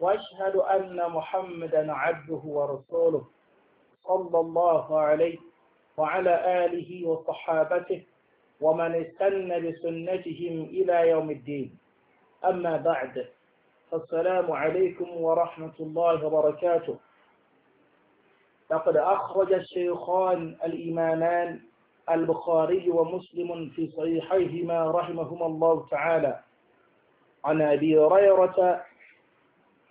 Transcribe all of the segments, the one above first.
واشهد ان محمدا عبده ورسوله صلى الله عليه وعلى اله وصحابته ومن استنى بسنتهم الى يوم الدين اما بعد فالسلام عليكم ورحمه الله وبركاته لقد اخرج الشيخان الامامان البخاري ومسلم في صحيحيهما رحمهما الله تعالى عن ابي هريره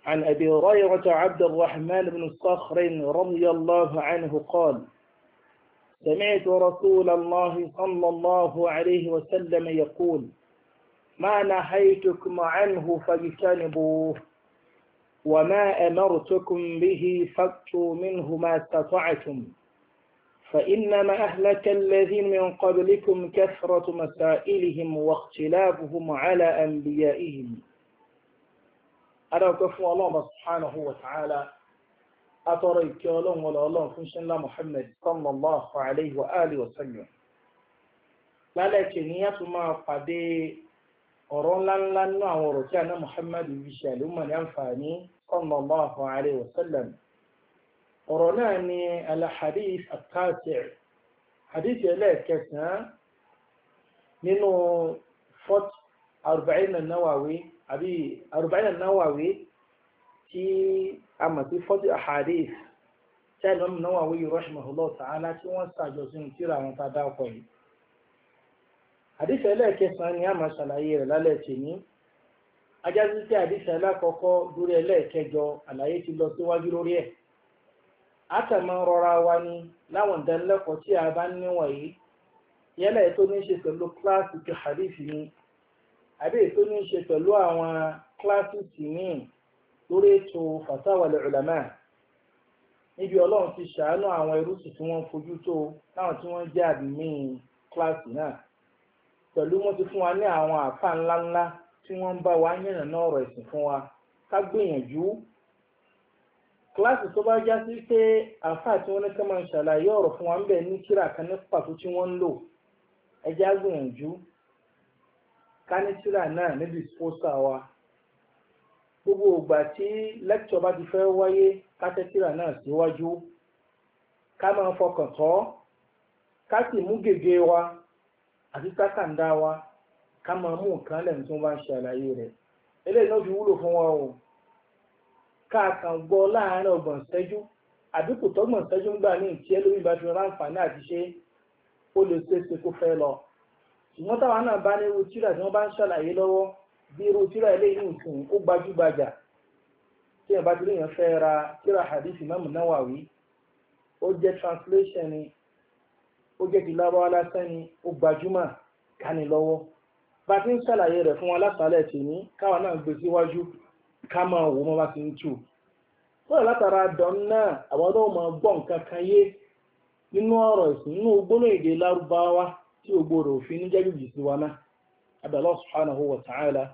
عن أبي هريرة عبد الرحمن بن صخر رضي الله عنه قال سمعت رسول الله صلى الله عليه وسلم يقول ما نهيتكم عنه فاجتنبوه وما أمرتكم به فاتوا منه ما استطعتم فإنما أهلك الذين من قبلكم كثرة مسائلهم واختلافهم على أنبيائهم adáwọ̀pẹ́ fún ọlọ́run subhanahu wa ta'ala atọ́rọ ìkẹ́ ọlọ́run wọlé ọlọ́run fún ṣẹ́ńlá Muhammad sallallahu alayhi wa alihi wa sallam lálẹ́ kì ní yàtọ̀ máa pàdé ọ̀rọ̀ ńláńlá nínú àwọn ọ̀rọ̀ tí àná Muhammad fi ṣe àlùmọ̀ ní àǹfààní sallallahu alayhi wa sallam ọ̀rọ̀ nawawi àbí àrùbáyà náwàwí tí a mọ̀ sí fọ́tí àhàdíf tí a lọ́mù náwàwí yìí rahimahullah ta'ala tí wọ́n sàjọ sínú tíra àwọn tá a dá ọkọ̀ yìí àdífẹ́ ẹlẹ́ẹ̀kẹsàn-án ni a máa ṣàlàyé rẹ̀ lálẹ́ tèmi ajásí tí àdífẹ́ alákọ̀ọ́kọ́ lórí ẹlẹ́ẹ̀kẹjọ àlàyé ti lọ síwájú lórí ẹ̀ àtàmọ́ rọra wa ni láwọn ìdánilẹ́kọ̀ọ́ tí a bá níwọ̀nyí yálẹ̀ tó ní ṣe pẹ̀lú kíláàsì ti àdífì ni àbí ètò ní í ṣe pẹ̀lú àwọn kíláàsìsì míì lórí ètò fatawa ulama níbi ọlọ́run ti ṣàánú àwọn ẹrúsì tí wọ́n fojú tó láwọn tí wọ́n jẹ́ àdìmíì kíláàsì náà pẹ̀lú wọ́n ti fún wa ní àwọn àpá ńláńlá tí wọ́n ń bá wa yànnà náà ọ̀rọ̀ ẹ̀sìn fún wa ká gbìyànjú kíláàsì tó bá já sí pé àfáà tí wọ́n ní ká máa ṣàlàyé ọ̀rọ̀ fún wa ń bẹ̀ ní kíra kan ní pàtó tí wọ́n ń lò ẹ já gbìyànjú kánísírà náà níbi ìfọ́sà wa gbogbo ìgbà tí lẹ́kítọ̀ bá ti fẹ́ wáyé kátẹ́sírà náà síwájú ká máa fọkàn tọ́ ká sì mú gègé wa àti sákàndá wa ká máa mú nǹkan lẹ́nu tí wọ́n bá ń ṣe àlàyé rẹ̀ eléyìí náà fi wúlò fún wa o ká kàn gbọ́ láàárín ọgbọ̀n ìṣẹ́jú àbí kò tọ́gbọ̀n ìṣẹ́jú ń gbà ní ìtí ẹlòmíì bá fi ránfààní àti ṣe ó lè ṣeé ṣe kó fẹ́ lọ ṣùgbọ́n táwọn náà bá ní irú tíra tí wọ́n bá ń ṣàlàyé lọ́wọ́ bí irú tíra ilé inú nǹkan ó gbajúgbajà tí ẹ̀ bá ti léèyàn fẹ́ ra tíra hadith Imam Nawawi ó jẹ́ translation ni ó jẹ́ ti lábọ́ lásán ni ó gbajúmọ̀ kání lọ́wọ́ bá ti ń ṣàlàyé rẹ̀ fún wọn látàlẹ̀ tì ní káwọn náà gbé síwájú ká máa wò mọ́ bá ti ń tù fúnra látara dán náà àwọn tó máa gbọ́ nǹkan kan yé nínú ọ̀rọ̀ ìsìn nínú gbólóhùn tí gbogbo rẹ̀ òfin ní jẹ́jùjì sí wa náà abẹ́lọ́ subhanahu wa ta'ala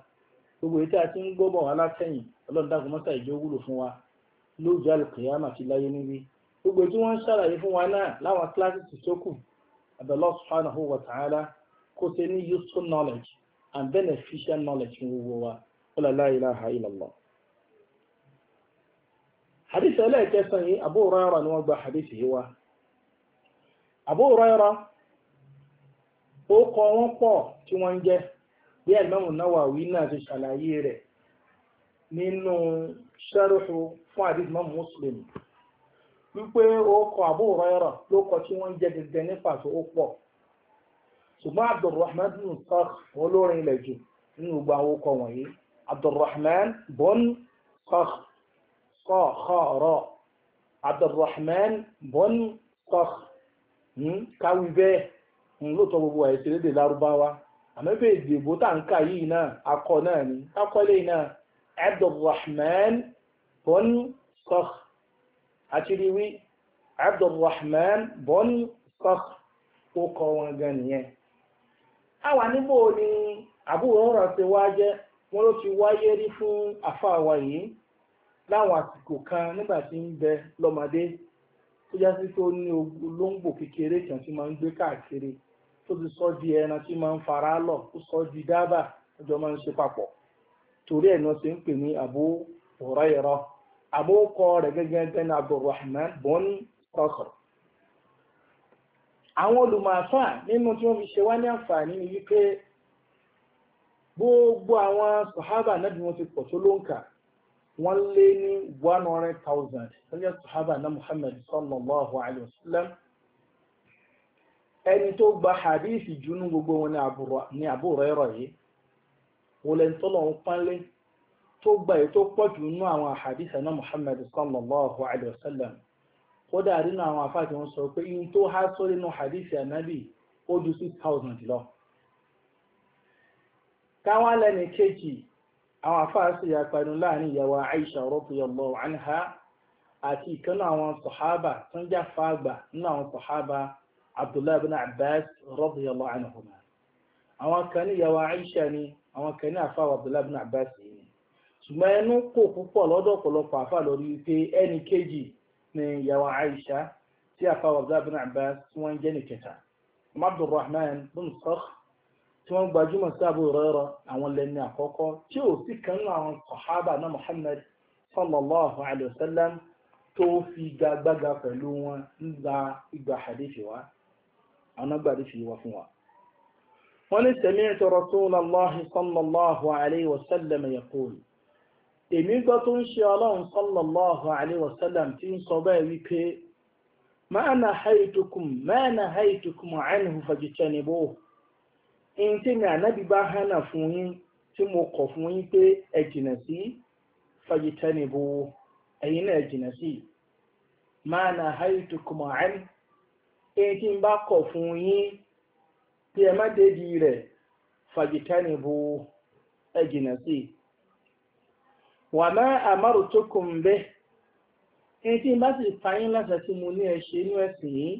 gbogbo ètò àti ń gbọ́bọ̀ wá látẹ̀yìn ọlọ́dàgùn mọ́ta ìjọ wúlò fún wa lóòjọ́ alùkìyàmà ti láyé níbi gbogbo tí wọ́n ń ṣàlàyé fún wa náà láwọn kíláàsì tó kù abẹ́lọ́ subhanahu wa ta'ala kó ṣe ní useful knowledge and beneficial knowledge fún gbogbo wa ọlọ́ la ilaha illallah. hadith ẹlẹ́ẹ̀kẹsàn yìí Abu Hurairah ni wọ́n gba hadith yìí wa Abu Hurairah ó kọ wọ́n pọ̀ tí wọ́n ń jẹ́ bí ẹ̀lọ́mù Nawawi náà ti ṣàlàyé rẹ̀ nínú ṣẹ́rùfù fún àdìs mọ́mù mùsùlùmí wípé ó kọ Abu Hurairah ló kọ tí wọ́n ń jẹ́ gẹ́gẹ́ ní pàtó ó pọ̀ ṣùgbọ́n Abdulrahman bin Sakh olórin ilẹ̀ jù nínú gbogbo àwọn ọkọ̀ wọ̀nyí Abdulrahman bin Sakh kọ́ọ̀rọ̀ Abdulrahman bin Sakh hmm, káwí bẹ́ẹ̀ lóòótọ́ gbogbo àìsí lédè lárúbáwá àmẹ́fẹ́ èdè ìbò tá ń kà yìí náà akọ náà ni kákọ́lé náà abdulrahman bon sokh àtìríwí abdulrahman bon sokh ó kọ wọn gan nìyẹn. àwa níbo ni àbúrò ọ̀rọ̀ ti wá jẹ́ wọ́n ló ti wáyé rí fún àfàwà yìí láwọn àsìkò kan nígbà tí ń bẹ lọ́mọdé tó já sí tó ní olóńgbò kékeré kan tí máa ń gbé káàkiri tó ti sọ di ẹran tí máa ń fara lọ ó sọ di dábà ọjọ́ máa ń ṣe papọ̀ torí ẹ̀ náà ṣe ń pè ní Abu Hurairah àbókọ rẹ̀ gẹ́gẹ́ bẹ́ẹ̀ ní Abdurrahman bọ́n Sakhr àwọn olùmọ̀ọ́fà nínú tí wọ́n fi ṣe wá ní àǹfààní ni wípé gbogbo àwọn sọ̀hábà náà wọ́n ti pọ̀ tó ló ń kà wọ́n lé ní one hundred thousand lọ́jọ́ sọ̀hábà náà Muhammad sallallahu alayhi wa ẹni tó gba hadithi jù ní gbogbo wọn ní Abu Hurairah yìí wọlé tọ́lọ̀ tó gba èyí tó pọ̀ jù nínú àwọn náà sallallahu alayhi wa sallam kódà nínú àwọn afáàtì wọn sọ pé ihun tó há sórí nínú hadith anabi ó ju six lọ. káwọn lẹ́nu kejì àwọn afáàtì láàrin ìyàwó Aisha anha àti ìkànnì àwọn sọ̀hábà tó ń jà fáàgbà abdullahi bin abbas radiyallahu anhuma àwọn kan ní ìyàwó aisha ni àwọn kan ní àfáà abdullahi bin abbas yìí ṣùgbọ́n ẹnu kò púpọ̀ lọ́dọ̀ ọ̀pọ̀lọpọ̀ àfáà lórí wípé ẹni kejì ni ìyàwó aisha tí àfáà abdullahi bin abbas tí wọ́n jẹ́ ní kẹta abdulrahman bin sakh tí wọ́n gbajúmọ̀ sí Abu Hurairah àwọn lẹ́ni àkọ́kọ́ tí ò sí kan nínú àwọn sàhábà náà muhammad sallallahu alayhi wa tó fi gagbága pẹ̀lú wọn ń gba ìgbà hadithi anágbàdì fi wá fún wa wọ́n ní sami'tu rasulallahi sallallahu alayhi wa sallam yaqul èmi gbọ́ tó ń ṣe ọlọ́run sallallahu alayhi wa sallam tí ń sọ bẹ́ẹ̀ wípé ma nahaytukum ma nahaytukum anhu fajtanibuhu in tí mi ànábì bá hánà fún yín tí mo kọ̀ fún yín pé ẹ jìnà sí fajitanibu ẹ̀yin náà jìnà sí ma nahaytukum anhu èyí tí ń bá kọ̀ fún yín tí ẹ má dédi rẹ̀ fàjìtánìbù ẹ jìnà sí i wà má àmárù tó kùn bẹ́ ẹni tí ń bá sì fàyín láti tí mo ní ẹ inú ẹ̀sìn yìí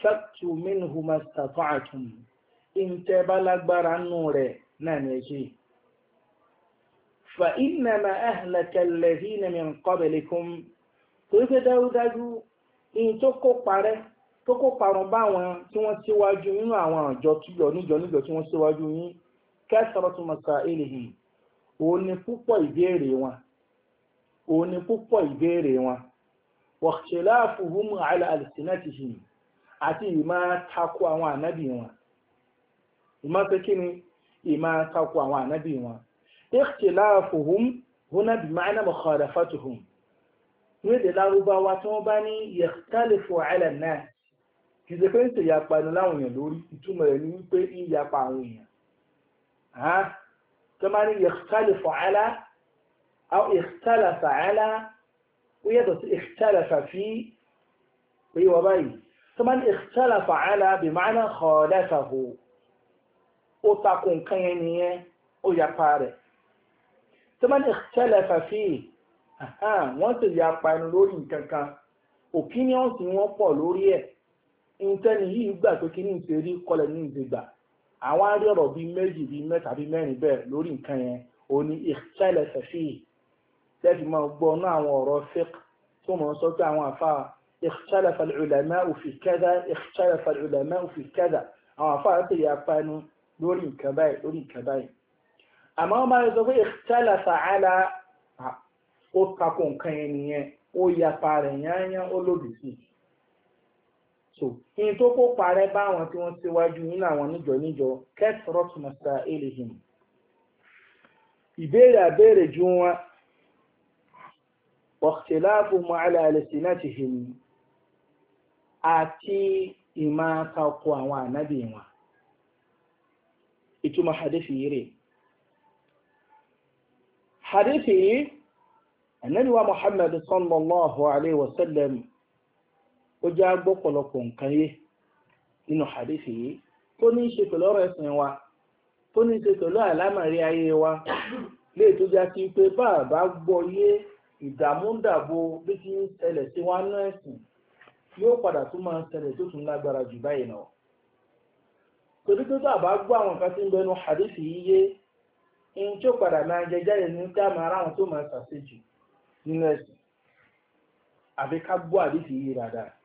fẹ́tù mínú mọ́sítàtọ́ àtùn ìǹtẹ́ bá lágbára nù rẹ̀ náà ní ẹ ṣe fa innama ahlaka alladhina min qablikum torí pé dájúdájú ìyìn tó kó parẹ́ tó kó parun bá àwọn tí wọ́n síwájú nínú àwọn àjọ tíjọ níjọ níjọ tí wọ́n síwájú yín kẹsàrọ̀ tó mọ̀ọ́sá èlèhì òun ni púpọ̀ ìbéèrè wọn òun ni púpọ̀ ìbéèrè wọn wọ̀ṣẹ̀lá fùhùmù àlà àlìsínátìhì àti ìmá takò àwọn ànábì wọn ìmá pé kí takò àwọn ànábì wọn ìṣẹ̀lá fùhùmù hùnà bí máa náà mọ̀kànlá fàtùhùmù lárúbáwá tí wọ́n bá ní yẹ̀kálẹ̀fù àlà náà kì í ṣe pé ń ṣe ìyapa ẹnu láwọn èèyàn lórí ìtumọ̀ rẹ̀ ni wípé ń yapa àwọn èèyàn tó máa ní ikhtalafa ala aw ikhtalafa ala ó yàtọ̀ sí ikhtalafa fi oye wọ báyìí tó máa ní ikhtalafa ala bi ma'na ó takò nǹkan yẹn nìyẹn ó yapa rẹ̀ tó máa ní ikhtalafa fi yapa ẹnu lórí nǹkan kan opinions ni wọ́n pọ̀ lórí ẹ̀ ìtẹ́ni yìí gbà pé kí ní ìṣerí kọlẹ̀ ní ìṣègbà àwọn arí ọ̀rọ̀ bíi méjì bíi mẹ́ta bíi mẹ́rin bẹ́ẹ̀ lórí nǹkan yẹn ò ní ìṣẹ̀lẹ̀ ṣẹ̀ṣì tẹ́sí máa gbọ́ ná àwọn ọ̀rọ̀ fiqh tó mọ̀ sọ pé àwọn àfa ikhtalafa al-ulama'u fi kadha ikhtalafa al-ulama'u àwọn àfa àti ìyá panu lórí nǹkan báyìí lórí nǹkan báyìí. àmọ́ wọ́n máa sọ pé ikhtalafa ala ó kakó nǹkan yẹn nìyẹn ó yapa rẹ̀ yányán ó lòdì sí i so in tó kó parẹ́ bá àwọn tí wọ́n ti wájú yín láwọn níjọ níjọ kẹsàrọ́ tùmọ̀sá elihim ìbéèrè àbéèrè ju wọn ọ̀ṣẹ̀láàbù mọ́ aláàlẹ́sì láti hìm àti ìmá takò àwọn ànábì wọn ìtumọ̀ hadithi yìí rè hadithi yìí ànábì wa muhammad sallallahu alaihi wasallam ó já gbọ́pọ̀lọpọ̀ nǹkan yé nínú hadisi yìí tó ní ṣe pẹ̀lú ọ̀rọ̀ ẹ̀sìn wa tó ní í ṣe pẹ̀lú àlámàrí ayé wa lè tó já sí pé bàbá gbọ́ yé ìdààmúdàbò bí ti ń ṣẹlẹ̀ sí wa ná ẹ̀sìn yóò padà tún máa ṣẹlẹ̀ tó tún lágbára jù báyìí náà torí pé bàbá gbọ́ àwọn nǹkan tí ń bẹnu hadisi yìí yé ohun tí ó padà máa jẹ jáde ní ká máa ráwọn tó máa ṣàṣejù nínú ẹ̀sìn àfi ká gbọ́ àdìsí yìí dáadáa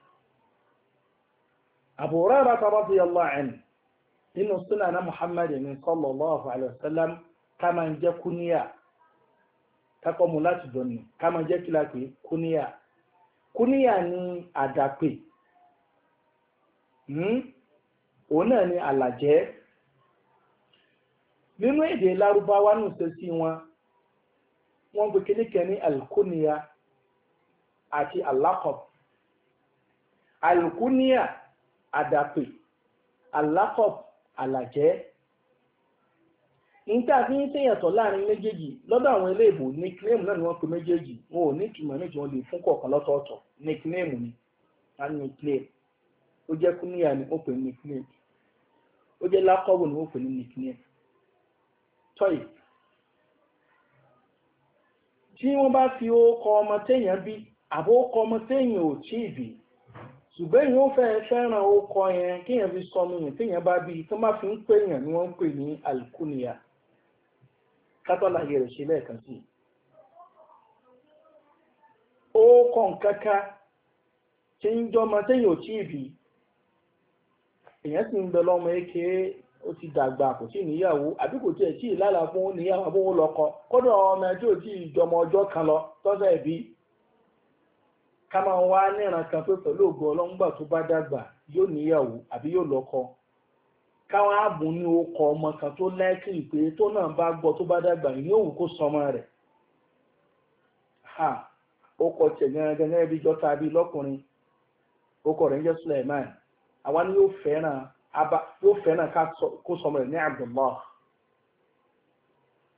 Abu Hurairah radiyallahu anhu nínú súnà náà Muhammad ní sallallahu alaihi wasallam ká máa ń jẹ́ kúníyà kákọ́ mu láti dọ̀nà ká máa jẹ́ kí la pè kúníyà kúníyà ní àdàpè hmm? òun náà ni àlàjẹ́ nínú èdè lárúbáwá nù ṣe sí wọn wọ́n gbé kéníkẹ́ alkúníyà àti alákọ̀ọ́ alkúníyà àdàpè alákọ̀p àlàjẹ́ níta fi ń ṣèyàtọ̀ láàrin méjèèjì lọ́dọ̀ àwọn eléèbò nickname náà ni wọ́n pe méjèèjì wọn ò ní ìtumọ̀ méjì wọn lè fún kọ̀ọ̀kan lọ́tọ̀ọ̀tọ̀ nickname ni a ní nickname ó jẹ́ kúníyà ni wọ́n pè ní nickname ó jẹ́ lákọ̀wò ni wọ́n pè ní nickname tọ́yì tí wọ́n bá fi ó kọ ọmọ téèyàn bí àbó kọ ọmọ téèyàn ò tí ì ṣùgbọ́n èèyàn fẹ́ fẹ́ràn ọkọ yẹn kéèyàn fi sọnù yẹn téèyàn bá bí tó má fi ń pè yàn ni wọ́n ń pè ní alukuniya kátólàyè rẹ̀ ṣe lẹ́ẹ̀kan sí i. ó kọ̀ nǹkankan tí ń jọmọ téèyàn ò tí ì bí èèyàn sì ń bẹ lọ́mọ eke ó ti dàgbà kò tí ì níyàwó àbí kò tí ì lálàá fún níyàwó abówó kódà ọmọ ò ká máa wá níran kan pé pẹ̀lú ògo ọlọ́ngbà tó bá dàgbà yóò níyàwó àbí yóò káwọn ààbò ní okọ̀ ọmọ kan tó lẹ́kìn pé tó náà bá gbọ́ tó bá dàgbà yóò wù kó sọmọ rẹ̀ okọ̀ gẹ́gẹ́ jọta bí lọ́kùnrin okọ̀ rẹ̀ ń jẹ́ Suleiman àwa ni yóò fẹ́ràn kó sọmọ rẹ̀ ní Abdullah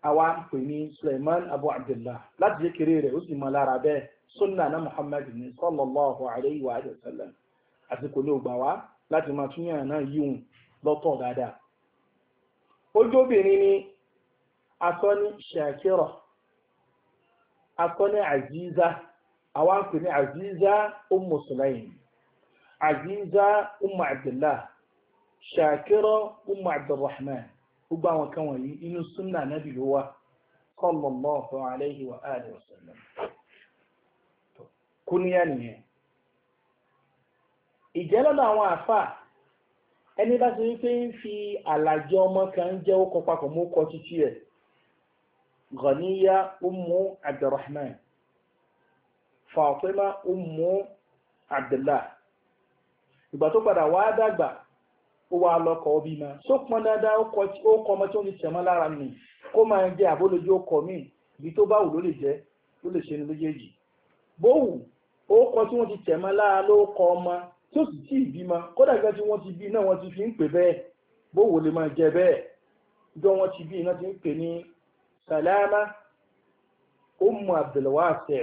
àwa ń pè ní Suleiman Abu Abdullah láti rẹ̀ ó sì mọ lára sunna na muhammad ní sallallahu alayhi wa sallam àsìkò ló gbà wá láti máa tún yàn náà yíwùn lọ́tọ̀ dáadáa ojóbìnrin ni asọ́ ní shakira asọ́ ní aziza àwọn ń pè ní aziza ummu sulaim aziza ummu abdullah shakira ummu abdulrahman gbogbo àwọn kan wọ̀nyí inú sunna nabi ló sallallahu alayhi wa sallam kúníyà nìyẹn ìjẹ́ lọ́dọ̀ àwọn àfà ẹni bá ti wípé ń fi àlàjọ ọmọ kan jẹ́ ó kọ papọ̀ mú kọ títí ẹ̀ Ghaniya Ummu Abdurrahman Fatima Ummu Abdullah ìgbà tó padà wá dàgbà ó wá lọ́kọ̀ ọbí ma só pọn dáadáa ó kọ ọmọ tí ó ní tẹ̀mọ́ lára mi kó máa jẹ́ àbólójú ọkọ̀ mi ibi tó bá wù ló lè jẹ́ ló lè ṣe ní méjèèjì bó wù ó kọ tí wọ́n ti tẹ̀ mọ́ lára ló kọ ọmọ tí ó sì tí ì bímọ kódà gẹ́gẹ́ tí wọ́n ti bí náà wọ́n ti fi ń pè bẹ́ẹ̀ bówó lè máa jẹ bẹ́ẹ̀ bí wọ́n ti bí iná ti ń pè ní Salama Ummu Abdulwasi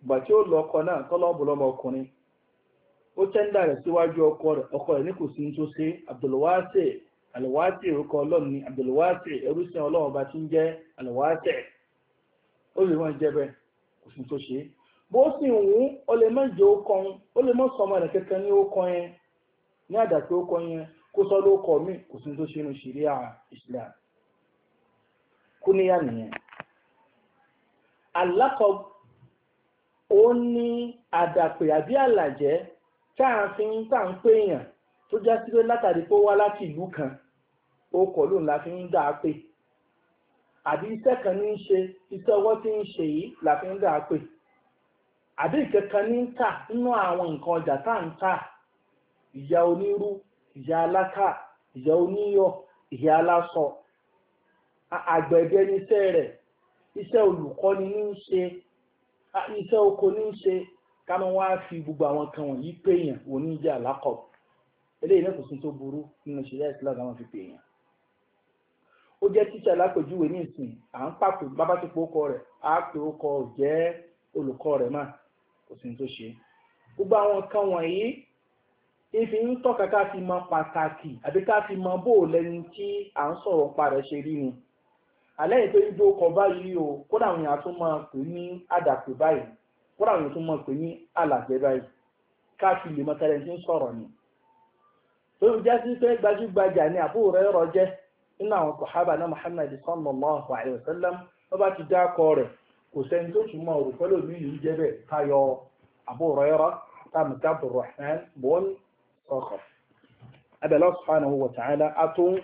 ìgbà tí ó lọ ọkọ náà tọ́lọ́ ọ̀bùlọ́mọ ọkùnrin ó tẹ́ńdà rẹ̀ síwájú ọkọ rẹ̀ ọkọ rẹ̀ ní kò sí ní tó ṣe Abdulwasi alwasi orúkọ ọlọ́run ni abdulwasi ẹrúsìn ọlọ́run ọba tí ń jẹ́ alwasi ó lè wọ́n jẹ́ bẹ́ẹ̀ kò sí tó ṣe bó sì ń wú ó lè má jẹ́ okọ̀ ń ó lè má sọmọ rẹ̀ kankan ní okọ̀ yẹn ní àdàpé okọ̀ yẹn kó sọ lókọ̀ mí kò sí tó ṣe ṣìríà Islam kú níyà nìyẹn alákọ̀ ó ní àdàpè àbí àlàjẹ́ tá à ń fi ń tà ń pè èèyàn tó já sí látàrí pé ó wá láti ìlú kan okọ̀ ló la fi ń dà á pè àbí iṣẹ́ kan ní í ṣe iṣẹ́ ọwọ́ tí ń ṣe yìí la fi ń dà á pè àbí ìkẹ̀kẹ́ ní ń kà nínú àwọn nǹkan ọjà tá ń kà ìyá onírú ìyá alákà ìyá oníyọ̀ ìyá aláṣọ àgbẹ̀dẹ níṣẹ́ rẹ̀ iṣẹ́ olùkọ́ni ní ń ṣe iṣẹ́ oko ní ń ṣe ká máa wá fi gbogbo àwọn kan wọ̀nyí péyàn oníjẹ́ àlákọ̀ eléyìí náà kò sí tó burú nínú ìṣẹ̀lẹ̀ ìsìláàmù àwọn fi péyàn ó jẹ́ tíṣà lápèjúwe ní ìsìn à ń pàpè bábá ti pé ó kọ rẹ̀ á pè ó kọ jẹ́ olùkọ́ rẹ̀ máa kò sí tó ṣe gbogbo àwọn nǹkan wọ̀nyí ìfi ń tọ́ka ká fi mọ pàtàkì àbí ká fi mọ bó lẹ́ni tí à ń sọ̀rọ̀ padà ṣe rí ni àlẹ́yìn tó ń dó ọkọ̀ báyìí o kódà àwọn èèyàn tún máa pè ní àdàpè báyìí kódà àwọn èèyàn tún máa pè ní àlàjẹ báyìí ká fi lè mọ tẹ́lẹ̀ tí ń sọ̀rọ̀ ni tó ń jẹ́ sí pé gbajúgbajà ni àbúrò rẹ̀ rọ jẹ́ nínú àwọn sàhábà náà Muhammad sallallahu alaihi wasallam wọ́n bá ti dá akọ rẹ̀ kò sẹ́ni tó túnmọ̀ òrùkọ́ lòmí yìí jẹ́ bẹ̀ tayọ Abu Hurairah tàbí Abdurrahman bọ́ọ̀lù ọkọ̀ abẹ́lá subhanahu wa ta'ala atún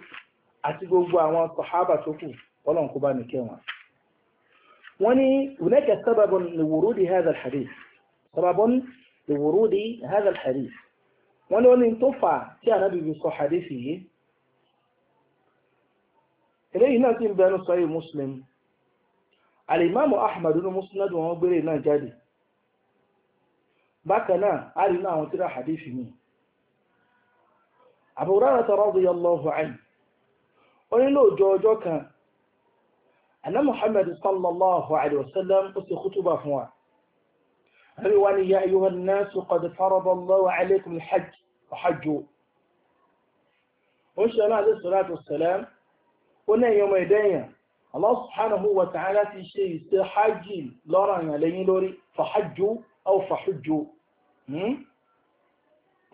àti gbogbo àwọn sàhábà tó kù ọlọ́nkú bá ní kẹwọn wọ́n ni hunaka alimamu ahmad ní musnad wọn gbére náà jáde bákan náà a rí náà àwọn tíra hadith mi Abu Hurairah radiyallahu anhu ó ní lóòjọ́ ọjọ́ kan anna muhammad sallallahu alaihi wasallam ó sì kútùbà fún wa Allah subhanahu wa ta'ala ti ṣe ìṣe hajj lọ́rọ̀ àyàn lẹ́yìn lórí fàájú aw fàájú hmm?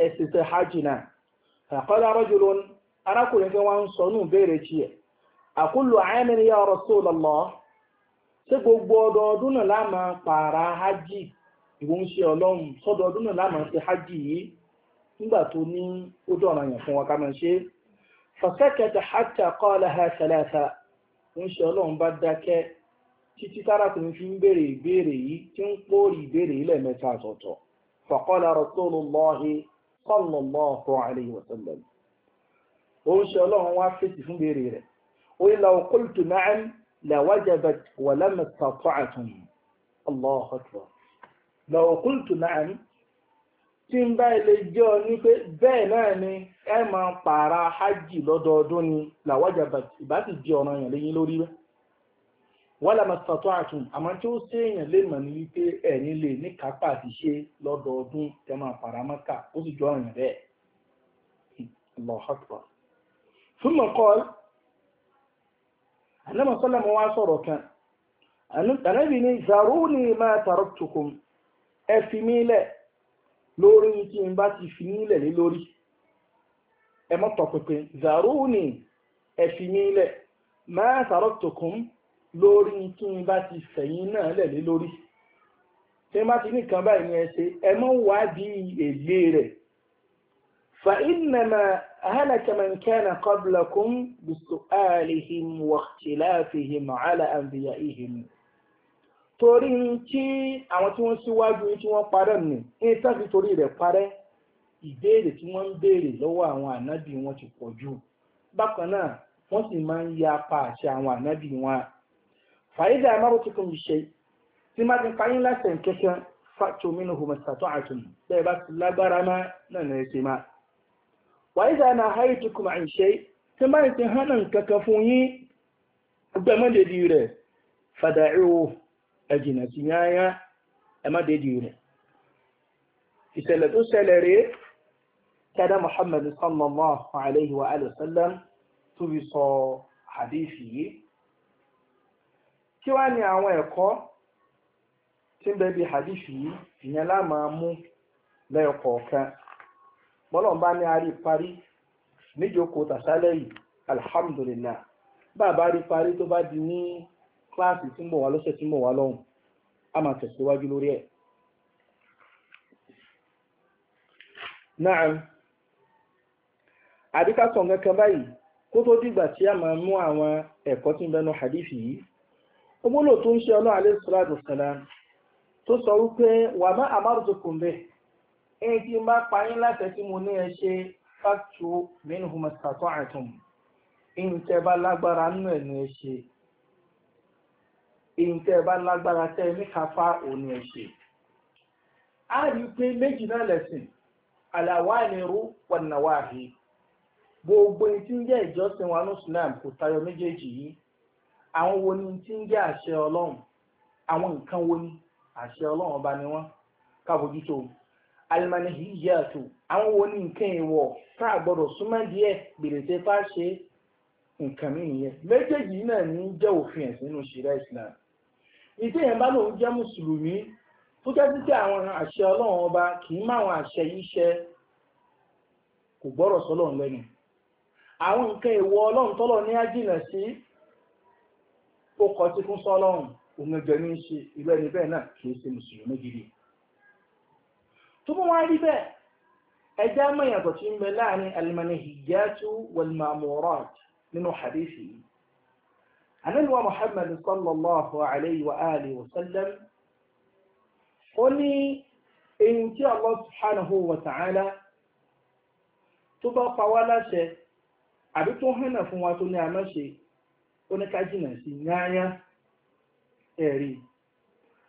ẹ̀sìn ṣe hajj náà faqala rajulun arákùnrin kan wọ́n ń sọ nù béèrè tiẹ̀ àkúlù àmìn ya Rasulullah ṣé gbogbo ọdọọdún náà láàmà pààrà hajj ìwọ̀n ṣe ọlọ́run sọ́dọọdún láàmà ṣe ọlọ́run bá dákẹ́ títí tára tó ń fi ń béèrè ìbéèrè yìí tí ń pòórì ìbéèrè yìí lẹ́ẹ̀mẹ́ta àtọ̀tọ̀ faqala rasulullahi sallallahu alayhi wa sallam ó ń ṣe ọlọ́run wá fèsì fún béèrè rẹ̀ ó ní law qultu náà ń wajabat wa lam tọ́ Allahu akbar law qultu na'am tí ń bá ilé jẹ́ ọ ní pé bẹ́ẹ̀ náà ni ẹ máa pààrà hajj lọ́dọọdún ni làwájà ìbá sì di ọ̀ràn yàn léyìn lórí rẹ̀ wọ́n làmà sàtọ́ àtún àmọ́ tí ó ṣe èèyàn lè mọ̀ ní wípé ẹ̀yìn lè ní kápá àti ṣe lọ́dọọdún tẹ máa pààrà mọ́kà ó sì jọ ọ̀ràn yàn bẹ́ẹ̀ lọ́hàpọ̀ súnmọ̀ kọ́ anamọ̀sọ́lẹ̀mọ̀ wá sọ̀rọ̀ kan ànábì ni zaruni ma taraktukum ẹ fi mí lẹ̀ lórí tí n bá ti fi nílẹ̀ lé lórí ẹ má tọpinpin zaruni ẹ fi nílẹ̀ máa taraktukum lórí tí n bá ti fẹ̀yìn náà lẹ̀ lé lórí tí n bá ti ní ni lori ti báyìí ni ẹ ṣe ẹ mọ́ wádìí wá èlé rẹ̀ fa innama ahalaka man kana qablakum bi su'alihim wa ikhtilafihim ala anbiya'ihim. torí tí àwọn tí wọ́n síwájú tí wọ́n parẹ́ nù ní tàbí torí rẹ̀ parẹ́ ìbéèrè tí wọ́n ń béèrè lọ́wọ́ àwọn ànábì wọn ti pọ̀ jù wọ́n sì máa ya apá àwọn ànábì wọn. fàyídà amáró ti kún ṣe tí fàyín fàtó mínú àtùn bẹ́ẹ̀ bá ti lágbára má náà nà má. náà háyì tí fún yín ẹ jìnà sí yányá ẹ má dédì rẹ̀ ìṣẹ̀lẹ̀ tó ṣẹlẹ̀ rèé kẹ́dá Muhammad sallallahu alayhi wa sallam tó fi sọ hadithi yìí kí wá ní àwọn ẹ̀kọ́ tí ń bẹ bí hadithi yìí ìyẹn láàmà mú lẹ́ẹ̀kọ̀ọ̀kan bọ́lọ̀n bá ní arí parí níjókòó tàṣálẹ̀ yìí alhamdulillah bá a bá rí parí tó bá di ní kíláàsì tí ń bọ̀ wá lọ́sẹ̀ tí ń bọ̀ wá lọ́hùn a máa tẹ̀síwájú lórí ẹ̀ náà àdíkàtọ̀ kankan báyìí kó tó dìgbà tí a máa mú àwọn ẹ̀kọ́ tí ń bẹnu hadith yìí ogbólò tó ń ṣe ọlọ́run alayhi tó sọ wípé wà má ẹni tí bá láti mo ní ẹ ṣe fáktù bá lágbára nke tẹ́ ẹ bá lágbára tẹ́ ẹ níkàáfà òní a rí i pé méjì náà lẹ̀sìn àlàwà ìnirú pọ̀nàwà àhí gbogbo ní ń jẹ́ ìjọsìn wa ní Islam kò tayọ méjèèjì yìí àwọn wo ni tí ń jẹ́ àṣẹ Ọlọ́run àwọn nǹkan wo ni àṣẹ Ọlọ́run ọba ni wọ́n yìí yẹ àtò àwọn wo ni nǹkan ìwọ̀ tá a súnmọ́ díẹ̀ gbèrèsè fáṣe nǹkan yẹn méjèèjì náà ní ìdí yẹn bá lòun jẹ́ mùsùlùmí tó jẹ́ títí àwọn àṣẹ ọlọ́run ọba kì í máwọn àṣẹ yìí ṣẹ kò gbọ́rọ̀ sọ́lọ́run lẹ́nu àwọn nǹkan èèwọ̀ ọlọ́run tọ́lọ̀ ní ájìnà sí ó kọ sí fún sọ́lọ́run òun ẹgbẹ́ ní í ṣe ìlú ẹni bẹ́ẹ̀ náà kì í ṣe mùsùlùmí gidi tó mú wá rí bẹ́ẹ̀ ẹjẹ́ mọ̀ yàtọ̀ tí ń bẹ láàrin almanahiyatu walmamurat nínú hadithi yìí ànábì wa Muhammad sallallahu alayhi wa alihi wa sallam ó ní èyí tí Allah subhanahu wa ta'ala tó bá pa wá láṣẹ àbí tó hànà fún wa tó ní àmọ́ṣe ó ní ká jìnà sí yáyá ẹ̀rí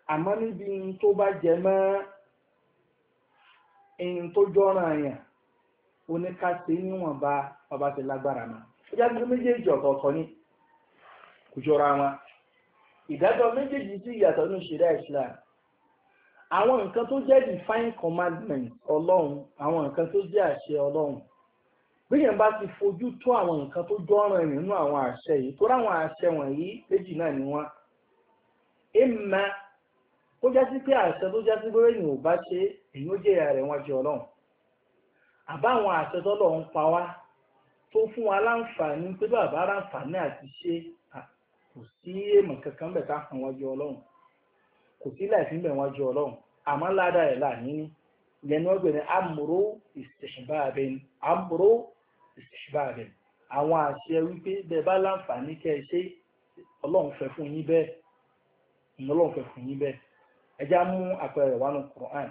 àmọ́ níbi tó bá jẹ mọ́ ẹ̀yìn tó jọ́ràn àyàn oníkàtí níwọ̀nba ọba ti lágbára mọ́ ó jáde méjèèjì ọ̀tọ̀ọ̀tọ̀ ni kò jọra wọn ìdájọ́ méjèèjì sí ìyàtọ̀ ní ṣẹ̀ríà Islam àwọn nǹkan tó jẹ́ divine commandment ọlọ́run àwọn nǹkan tó jẹ́ àṣẹ ọlọ́run bíyẹn bá ti fojú tó àwọn nǹkan tó jọ́ràn nínú àwọn àṣẹ yìí tó ráwọn àṣẹ wọ̀nyí méjì náà ni wọ́n ìmọ̀ tó já sí pé àṣẹ tó já sí pé èyàn ò bá ṣe èyàn ó jẹ́yà rẹ̀ wọ́n jẹ ọlọ́run àbáwọn àṣẹ tọ́lọ́run pa wá tó fún wa láǹfààní pé bàbá ráǹfààní àti ṣe kò sí èèmọ̀ kankan bẹ̀ tá a hàn wájú ọlọ́run kò sí láì fún bẹ̀ wájú ọlọ́run àmọ́ ládàá rẹ̀ láàní ní lẹ́nu ọgbẹ̀ni amúró istihbaben amúró istihbaben àwọn àṣẹ wípé bẹ́ẹ̀ bá láǹfààní kẹ́ ẹ ṣe ọlọ́run fẹ́ fún yín bẹ́ẹ̀ ọlọ́run fẹ́ fún yín bẹ́ẹ̀ ẹ já mú àpẹẹrẹ wánu Qur'an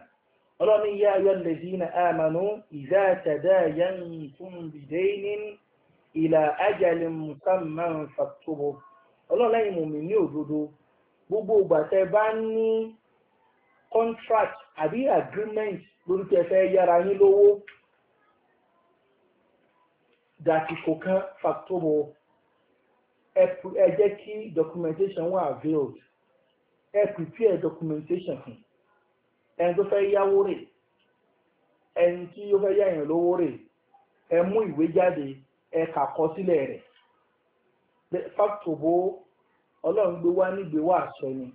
ọlọ́run yá ayọ́ lẹ́sìnà àmànú ìdá àtàdá yẹn fún bìdẹ́yìn ilà ajalin musamman faktubu ọlọ́ọ̀lẹ́yìn mùmí ní òdodo gbogbo ìgbà tẹ bá ní contract àbí agreement lórí tẹ fẹ́ yára yín lówó dàtìkò kan factomo ẹ jẹ́ kí documentation wà availed ẹ prepare documentation fún ẹni tó fẹ́ yáwó rẹ̀ ẹni tí ó fẹ́ yá èèyàn lówó rẹ̀ ẹ mú ìwé jáde ẹ kà kọ sílẹ̀ rẹ̀ fàtòbó ọlọ́run gbé wá nígbé wá àṣọ ni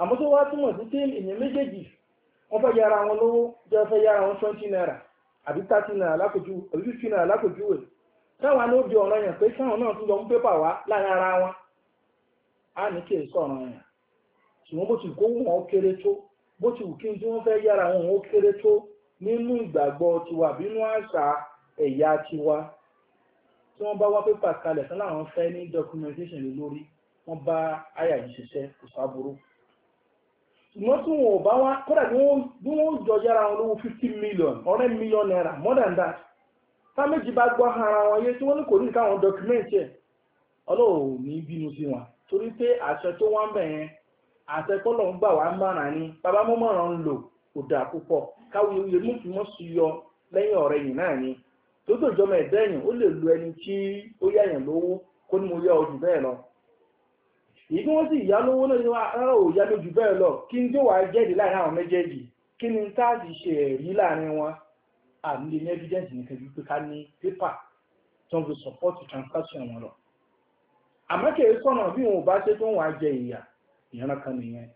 àmọ́ tó wá túmọ̀ sí tí èèyàn méjèèjì wọ́n fẹ́ yára wọn lówó jẹ́ fẹ́ yára wọn twenty naira àbí thirty naira lápèjúwe àbí fifty naira lápèjúwe táwọn ló di yẹn pé káwọn náà tún lọ mú pépà wá láàrin ara wọn á ní kí èso ọ̀ràn yẹn ṣùgbọ́n bó ti kó wọn ó kéré tó bó ti wù kí n tí wọ́n fẹ́ yára wọn tí wọ́n bá wá pépà kalẹ̀ tán láwọn fẹ́ ní documentation lórí wọ́n bá àyà yìí ṣiṣẹ́ kò sábúrú ṣùgbọ́n tí wọn bá wá kódà bí wọ́n jọ yára wọn lówó fifty million ọ̀rẹ́ million naira more than that bá gbọ́ ara wọn yé wọn torí pé àṣẹ tó tó tó ìjọba ẹ̀dá èèyàn ó lè lu ẹni tí ó yá èèyàn lówó kó ní mo yá ọ jù bẹ́ẹ̀ lọ èyí tí wọ́n sì yá lówó náà ni wọ́n rárá ò yá bẹ́ẹ̀ lọ kí n tó wàá jẹ́rìí láàrin àwọn méjèèjì kí ni tá a sì ṣe ẹ̀rí láàrin wọn àmì ní evidence nìkan ju pé ká ní pépà tó ń fi support transaction wọn lọ àmọ́ kì í sọ̀nà bí wọn ò bá ṣe tó wọn á jẹ ìyà ìran kan nìyẹn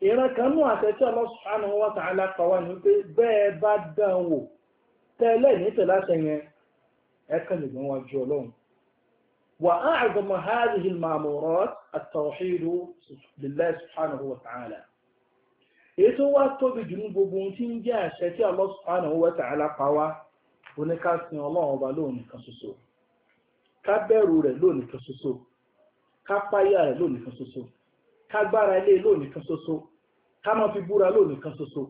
ìran kan náà àtẹ̀tẹ̀ Allah subhanahu wa ta'ala pa wá ní pé bẹ́ẹ̀ bá dán wò tẹ́lẹ̀ ní tẹ̀láṣẹ yẹn ẹ̀kẹ́lẹ̀ gan wá ju ọlọ́run wà á àgbọ̀mọ̀ hàzìhìn màmúrọ̀ àtàwọ̀hìrù lillahi subhanahu wa ta'ala èyí tó wá tóbi jù ní gbogbo ohun tí ń jẹ́ àṣẹ tí Allah subhanahu wa ta'ala pa wá oníkásìn ọlọ́run ọba lónìí kan ṣoṣo ká bẹ̀rù rẹ̀ lónìí kan ṣoṣo ká páyà rẹ̀ lónìí kan ṣoṣo ká gbára ilé e lónìí kan ṣoṣo ká máa fi búra lónìí kan ṣoṣo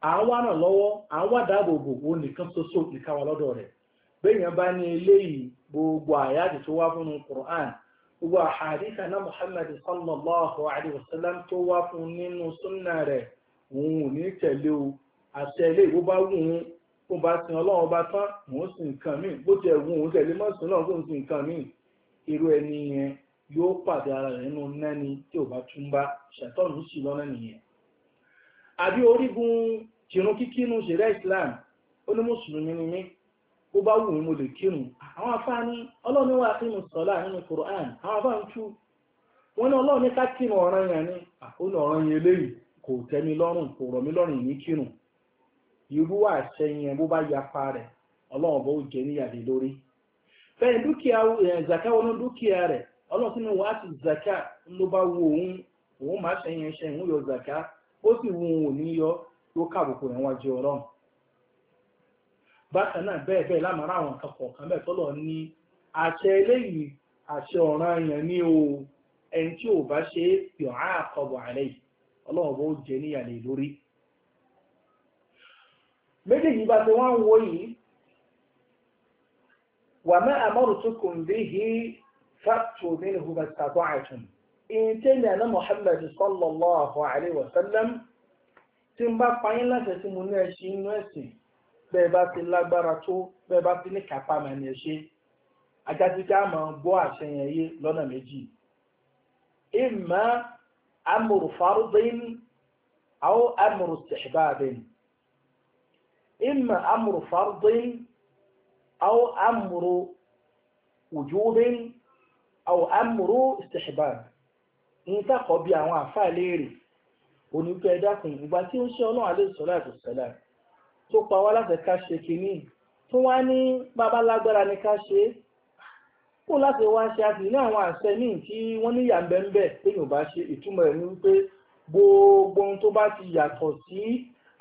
à ń wá ràn lọ́wọ́ à ń wá dáàbòbò òun nìkan ṣoṣo nìkan wà lọ́dọ̀ rẹ̀ bẹ́yàn bá ní eléyìí gbogbo àyájì tó wá fún Qur'an gbogbo àhàdíkà náà Muhammad sallallahu alaihi wasallam tó wá fún nínú súnà rẹ̀ òun ò ní tẹ̀lé o àṣẹ ilé ìwó bá wù ú kó bá sin ọlọ́run bá tán òun sì nǹkan míì bó ti ẹ̀wù òun tẹ̀lé mọ́ sùn náà kó sì nǹkan míì irú ẹni yẹn yóò pàdé ara rẹ̀ nínú nẹ́ni tí ò bá tún bá ṣàtọ́nù sí lọ́nà nìyẹn àbí orígun tìrún kíkínú ṣẹlẹ̀ Islam ó ní mùsùlùmí ni ó bá wù mí mo lè kírun àwọn afáà ní ọlọ́run wà kí mo nínú Qur'an àwọn afáà ń tú wọn ní ọlọ́run ká kírun ọ̀ràn yẹn ní ọ̀ràn yẹn kò lọ́rùn kò rọ̀ mí lọ́rùn ní kírun irú àṣẹ yẹn bó bá yapa rẹ̀ ọlọ́run bó jẹ níyàdé lórí fẹ́ẹ̀ dúkìá zaka wọnú dúkìá rẹ̀ ọlọ́run sínú zaka ló bá wo òun òun máa ṣe zaka ó sì òun ò ní bákan náà bẹ́ẹ̀ bẹ́ẹ̀ lámàrá àwọn nǹkan kọ̀ọ̀kan bẹ́ẹ̀ tọ́lọ̀ ní àṣẹ eléyìí àṣẹ ọ̀ràn yẹn ní o ẹni tí ò bá ṣe yọ̀ á kọ̀bọ̀ àlẹ́ yìí ọlọ́run bó jẹ níyàlè lórí méjèèjì bá ti wọ́n ń wo yìí wà má amartukum bihi fatu minhu mastata'tum in tẹ́lẹ̀ àná Muhammad sallallahu alaihi wa sallam tí ń bá payín láti tí mo ní ẹṣin inú ẹ̀sìn bẹ́ẹ̀ bá ti lágbára tó bẹ́ẹ̀ bá ti ní kápá mà ní ẹ ṣe ajásí ká máa gbọ́ àṣẹ yẹn yé lọ́nà méjì ìmọ̀ amòrò fárúdín àwọn amòrò tẹ̀síbáàbẹ̀n ìmọ̀ amòrò fárúdín àwọn amòrò wùjúbẹ̀n àwọn amòrò tẹ̀síbáàb ní takọ̀ bí àwọn àfáà léèrè onígbẹ̀ẹ́dàkùn ìgbà tí ó ń ṣe ọlọ́run alẹ́ sọ́lá àti sọ́lá tó pa wá láti ká ṣe kìíní tó wá ní bàbá lágbára ni ká ṣe kó láti wá ṣe àti ní àwọn àṣẹ míì tí wọ́n ní yà ń bẹ́ ń bẹ́ téèyàn ò bá ṣe ìtumọ̀ ẹ̀ ní wípé gbogbo ohun tó bá ti yàtọ̀ sí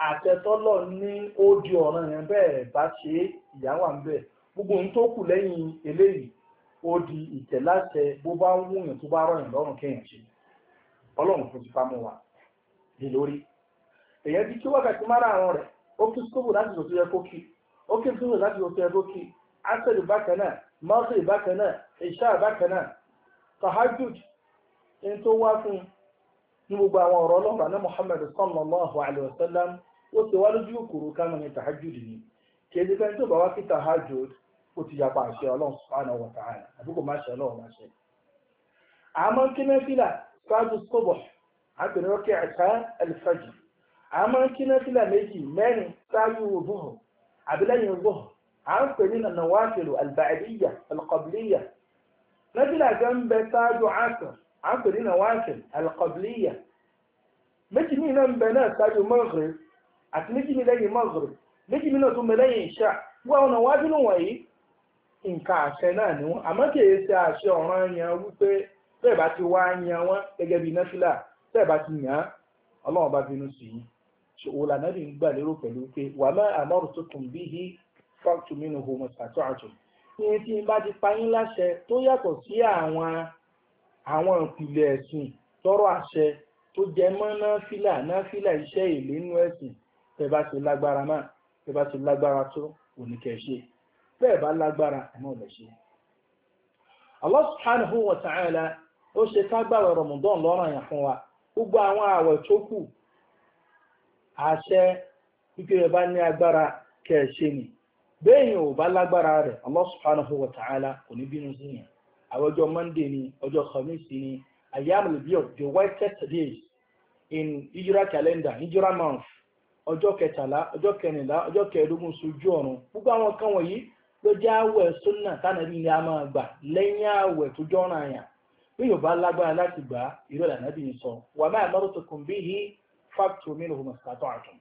àtẹ̀tọ́lọ̀ ní ó di ọ̀ràn yẹn bẹ́ẹ̀ bá ṣe ìyà wà ń bẹ̀ gbogbo ohun tó kù lẹ́yìn eléyìí ó di ìtẹ̀láṣẹ bó bá ń wúyàn tó bá rọ̀yàn lọ́rùn kéèyàn ṣe ọlọ́run fún ti fámú wa lè lórí èyàn ti kí wákàtí márààrún rẹ̀ ó kí sùúrù láti sọ̀tún yẹ kó kí ó kí sùúrù láti sọ̀tún yẹ kó kí asẹ́lì bákan náà mọ́sẹ̀lì bákan náà ìṣá bákan náà tahajjud in tó wá fún ní gbogbo àwọn ọ̀rọ̀ ọlọ́run àná Muhammad sallallahu alayhi wa sallam ó ti wá lójú kúrú kánú ní tahajjud ni kì í di pé tó bá wá kí tahajjud ó ti yapa àṣẹ ọlọ́run subhanahu wa ta'ala àbí kò má ṣe ọlọ́run má ṣe. àmọ́ kí náà fìlà ṣáájú sọ́bọ̀ àgbẹ̀rẹ̀ rọ́kẹ́ àṣà al-fajr a máa ń kí náfìlà méjì mẹ́rin ṣáájú òbúhọ̀ àbílẹ́yìn òbúhọ̀ à ń pè ní nàwáfìlù albàdíyà alqabliya náfìlà gan ń bẹ ṣáájú àṣà à ń pè ní nàwáfìlù alqabliya méjì mí náà ń bẹ náà ṣáájú maghrib àti méjì mí lẹ́yìn maghrib méjì mí náà tún bẹ lẹ́yìn ìṣà wọ́n àwọn nàwáfìlù wọ̀nyí nǹkan àṣẹ náà ni wọ́n àmọ́ kì í ṣe àṣẹ ọ̀ràn yẹn wípé bẹ́ẹ̀ bá ti wá yan wọ́n gẹ́gẹ́ bí náfìlà òun lànà bí gbà lérò pẹ̀lú pé wà má àmọ́rù tó kùn bí hí fọ́ọ̀tù mínú homo sàtọ́ àtọ̀ ní tí n bá ti pa yín láṣẹ tó yàtọ̀ sí àwọn àwọn ìpìlẹ̀ ẹ̀sìn tọrọ àṣẹ tó jẹ mọ́ náfìlà náfìlà iṣẹ́ èlé nínú ẹ̀sìn tẹ́ bá ti lágbára máa tẹ́ bá ti lágbára tó òní kẹ́ ṣe bẹ́ẹ̀ bá lágbára àmọ́ ọ̀lẹ̀ ṣe. Allah subhanahu wa ta'ala ó ṣe ká gbàwẹ̀ Ramadan lọ́ranyàn àṣẹ wípé ẹ bá ní agbára kẹ́ẹ̀ṣe ni bẹ́ẹ̀yìn ò bá lágbára rẹ̀ Allah subhanahu wa ta'ala kò ní bínú sí yẹn àwọn ọjọ́ ni ọjọ́ khamis ni ayyamul biyu the whitest days in hijra calendar hijra month ọjọ́ kẹtàlá ọjọ́ kẹrìnlá ọjọ́ kẹẹ̀ẹ́dógún sojú ọ̀run gbogbo àwọn kan wọ̀nyí ló jẹ́ àwẹ̀ sunna tánàbí ni a máa gbà lẹ́yìn àwẹ̀ tó jọ́ràn àyàn bí yóò lágbára láti gbà ìrọ̀lẹ́ ànábì fàtò mínú mọ̀sátọ̀ àtún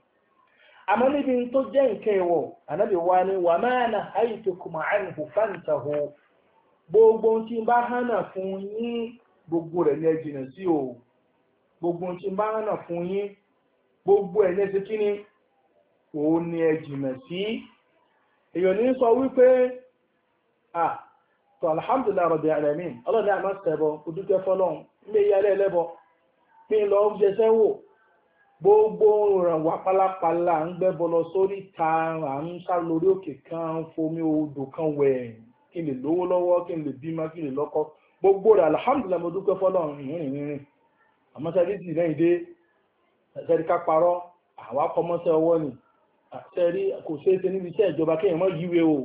a níbi tó jẹ́ nǹkan ẹ̀wọ̀ ànábì wa na àìtò kùmà àìhù gbogbo tí gbogbo rẹ̀ ní ẹjìnà sí o gbogbo tí bá gbogbo ẹ̀ ní ẹsẹ̀ kíní ni èèyàn ní sọ wípé ah alamin ọlọ́dẹ sẹ́bọ̀ fọlọ́n gbogbo ìrànwá pálapàla à ń gbẹ́bọ lọ sórí ta à ń sá lórí òkè kan fomi odò kan wẹ̀ kí n lè lówó lọ́wọ́ kí n lè bímọ kí n lè lọ́kọ gbogbo rẹ̀ alihamudulilayi mo dúpẹ́ fọlọ́run ìrìn ìrìn àmọ́ sẹ́rí ti lẹ́yìn dé sẹ́rí ká parọ́ àwa kọ́mọ́sẹ́ ọwọ́ ni sẹ́rí kò ṣeé ṣe níbi iṣẹ́ ìjọba kéèyàn mọ́ yíwe o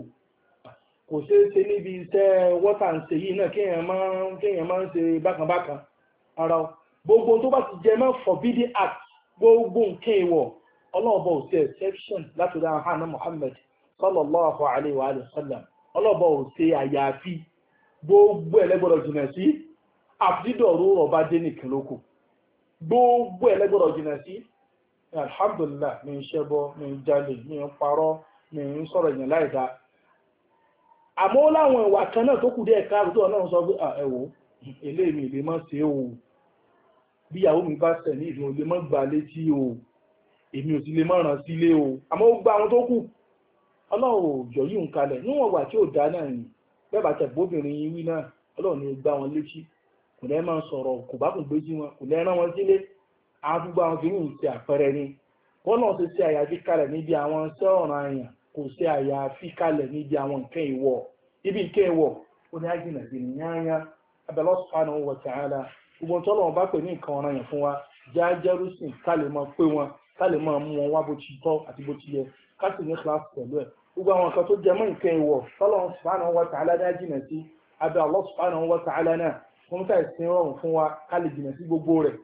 kò ṣeé ṣe níbi iṣẹ́ wọ́tà ń ṣe yìí náà kéèyàn máa ń ṣe bákan ara o gbogbo tó bá ti jẹ mọ́ forbidden act gbogbo nke ìwọ̀ ọlọ́ọ̀bọ̀ ò sí exception láti dá hànà muhammed sallallahu alayhi wa sallam ọlọ́ọ̀bọ̀ ò sí àyàfi gbogbo jìnà sí ọba dé nìkan lóko gbogbo ẹlẹ́gbọ́dọ̀ jìnà sí mi ń mi ń jalè mi ń parọ́ mi ń sọ̀rọ̀ àmọ́ láwọn ìwà kan náà tó kù náà sọ pé ẹ̀wò eléyìí mi má ṣe bí ìyàwó mi bá sẹ̀ ní ìdùn ò lè mọ́ gbà létí o èmi ò sì lè mọ́ ràn sílé o àmọ́ ó gba àwọn tó kù ọlọ́run ò jọ yìí ń kalẹ̀ níwọ̀n wà tí ò dá náà ni bẹ́ẹ̀ bá tẹ̀gbóbìnrin yín wí náà ọlọ́run ò gbá wọn létí kò lẹ́ máa sọ̀rọ̀ kò bá kò gbé sí wọn kò lẹ́ rán wọn sílé àdúgbò àwọn kìíní ìṣe àpẹẹrẹ ni bọ́lá ṣe ṣe àyàfi kalẹ̀ níbi àwọn iṣẹ́ ọ̀ràn àyàn kò ṣe àyàfi kalẹ̀ níbi àwọn nǹkan ìwọ̀ ibi nǹkan ìwọ̀ ó ní àjìnà sí ni yáyá abẹ́lọ́sùn ṣùgbọ́n tọ́lọ̀ wọn bá pè ní nǹkan ọ̀ràn yẹn fún wa já jẹ́rúsìn ká lè máa pé wọn ká lè máa mú wọn wá bó ti tọ́ àti bó ti yẹ ká sì ní kíláàsì pẹ̀lú ẹ̀ gbogbo àwọn nǹkan tó jẹ mọ́ nǹkan ìwọ̀ tọ́lọ̀ wọn subhanahu wa náà jìnà sí abẹ́ Allah subhanahu wa ta'ala náà fún ká ìsìn rọrùn fún wa ká lè jìnà sí gbogbo rẹ̀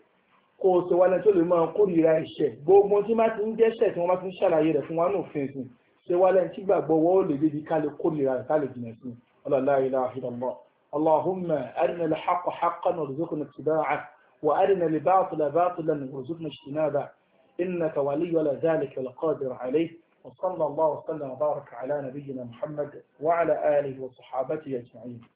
kó o ṣe wá tó lè máa kórìíra ẹ̀ṣẹ̀ gbogbo tí má ti ń jẹ́ṣẹ̀ tí wọ́n bá ti ń ṣàlàyé rẹ̀ fún wa ní òfin ìsìn ṣe wá tí gbàgbọ́ wọ́n ó lè débi ká lè kórìíra rẹ̀ ká lè jìnà sí ọlọ́lá ilaha illallah اللهم أرنا الحق حقا وارزقنا اتباعه وأرنا الباطل باطلا وارزقنا اجتنابه إنك ولي ولا ذلك القادر عليه وصلى الله وسلم وبارك على نبينا محمد وعلى آله وصحابته أجمعين